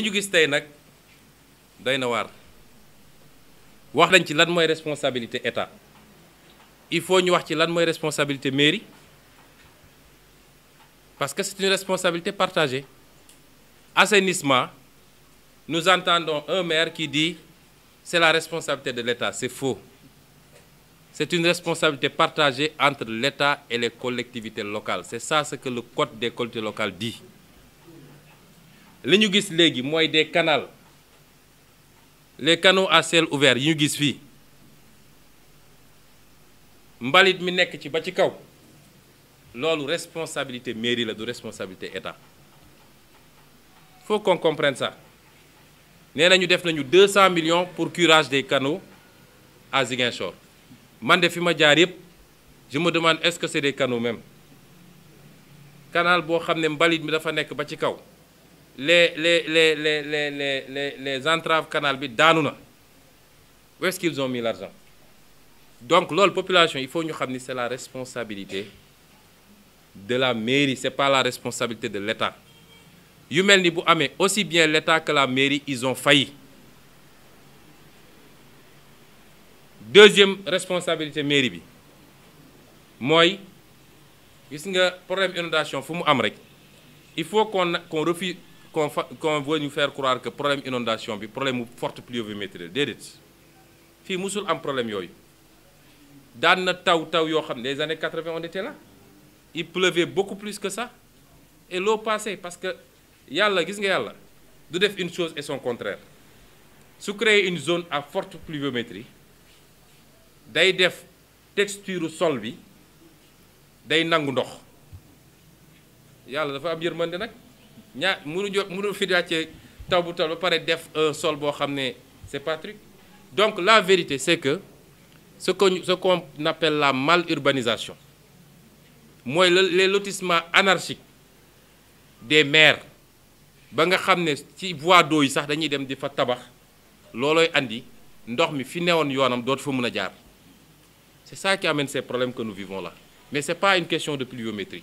li gis tey nag c'est wax ci lan responsabilité état il faut ñu wax ci lan responsabilité mairie parce que c'est une responsabilité partagée assainissement nous entendons un maire qui dit c'est la responsabilité de l'État c'est faux c'est une responsabilité partagée entre l'État et les collectivités locales c'est ça ce que le code des collectivités locales dit que nous gis maintenant, c'est des canaux les canaux à ciel ouvert nous ñu gis fii mbalit mi nekk ci ba ci kaw lolu responsabilité mairie la du responsabilité état faut qu'on comprenne ça Nous nañu def nañu 200 millions pour curage des canaux à Ziguinchor man de jaar je me demande est-ce que c'est des canaux même canal bo xamné ne mbalit mi dafa nekk ba ci kaw les les entraves canal bi où est-ce qu'ils ont mis l'argent donc la population il faut nous sachions que c'est la responsabilité de la mairie ce n'est pas la responsabilité de l'État yu aussi bien l'État que la mairie ils ont failli deuxième responsabilité mairie bi y gis problème d'inondation, il faut qu'on refuse qu'on veut nous faire croire que problème inondation bi problème de forte pluviométrie déedéet Fi musul am problème Dans Dans na taw taw les années 80 on était là il pleuvait beaucoup plus que ça et l'eau passait parce que yalla gis nga yalla du une chose et son contraire vous créer une zone à forte pluviométrie day def texture sol bi day nangu ndox Yalla dafa am yërmande nak ñaa mënu jot fi wàccee taw bu taw ba def un sol c'est pas truc donc la vérité c'est que ce qu'on, ce qu'on appelle la mal urbanisation les lotissements anarchiques des maires ba nga xam ne ci voies d'eau yi sax dañuy dem di fa tabax loolooy andi ndox mi fi newoon un dootu fa mën jaar c'est ça qui amène ces problèmes que nous vivons là mais c'est pas une question de pluviométrie